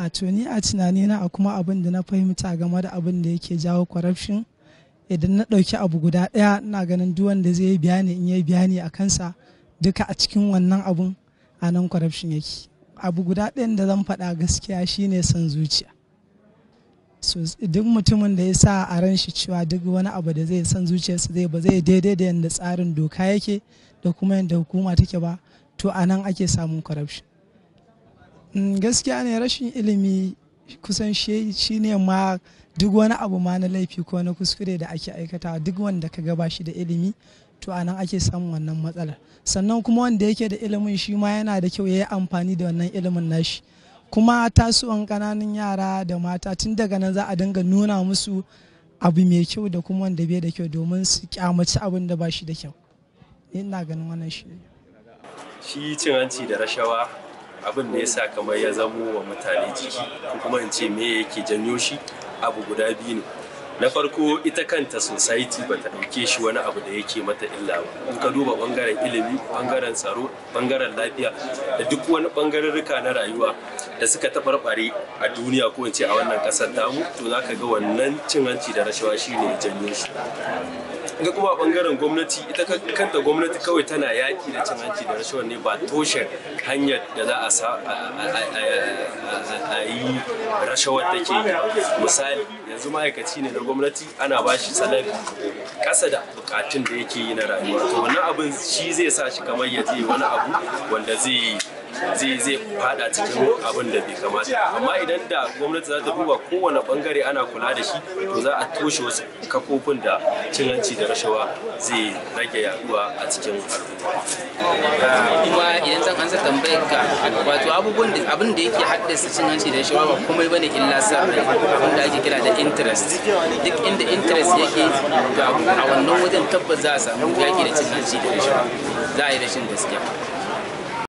a tuni a tunanina a kuma abin da na fahimta game da abin da yake jawo corruption idan na ɗauki abu guda ɗaya na ganin duk wanda zai yi bayani in yi bayani a kansa duka a cikin wannan abun a nan corruption yake abu guda ɗayan da zan faɗa gaskiya shine son zuciya so duk mutumin da ya sa a ran shi cewa duk wani abu da zai son zuciyarsa zai ba zai daidai da yadda tsarin doka yake da kuma yadda hukuma take ba to a nan ake samun corruption Mm, gaskiya ne rashin ilimi kusan shi ne ma duk wani abu ma na laifi ko na kuskure da ake aikata duk wanda ka gaba shi da ilimi to anan ake samun wannan matsala sannan kuma wanda yake da ilimin shi ma yana da kyau ya yi amfani da wannan ilimin nashi kuma tasuwan kananun yara da mata tun daga nan za a dinga nuna musu abu mai kyau da kuma wanda bai da kyau domin su kyamaci abin da ba shi da kyau ina ganin wannan shi shi cin hanci da rashawa abin da ya sa kamar ya zamo wa mutane jiki ko kuma in ce me yake janyo shi abu guda biyu ne na farko ita kanta society ba ta ɗauke shi wani abu da yake mata illa ba in ka duba ɓangaren ilimi bangaren tsaro ɓangaren lafiya da duk wani ɓangararruka na rayuwa da suka taɓarɓare a duniya ko in ce a wannan ƙasar tamu to za ka ga wannan cin hanci da rashawa shine ne janyo shi ga kuma bangaren gwamnati ita kanta gwamnati kawai tana yaki da cin hanci da rashawar ne ba toshe hanyar da za a yi rashawar da take misali yanzu ma'aikaci ne na gwamnati ana ba shi salari kasa da bukatun da yake yi na rayuwa to wannan abin shi zai sa shi kamar ya je wani abu wanda zai yi. zai zai fada cikin abin da bai kamata amma idan da gwamnati za ta duba kowane bangare ana kula da shi to za a toshe wasu kafofin da cin hanci da rashawa zai rage yaduwa a cikin al'umma kuma idan zan ansa tambayar ka wato abubuwan da abin da yake haddasa cin hanci da rashawa ba komai bane illa sa abin da ake kira da interest duk inda interest yake to a wannan wajen tabbas za a samu yaki da cin hanci da rashawa za a yi rashin gaskiya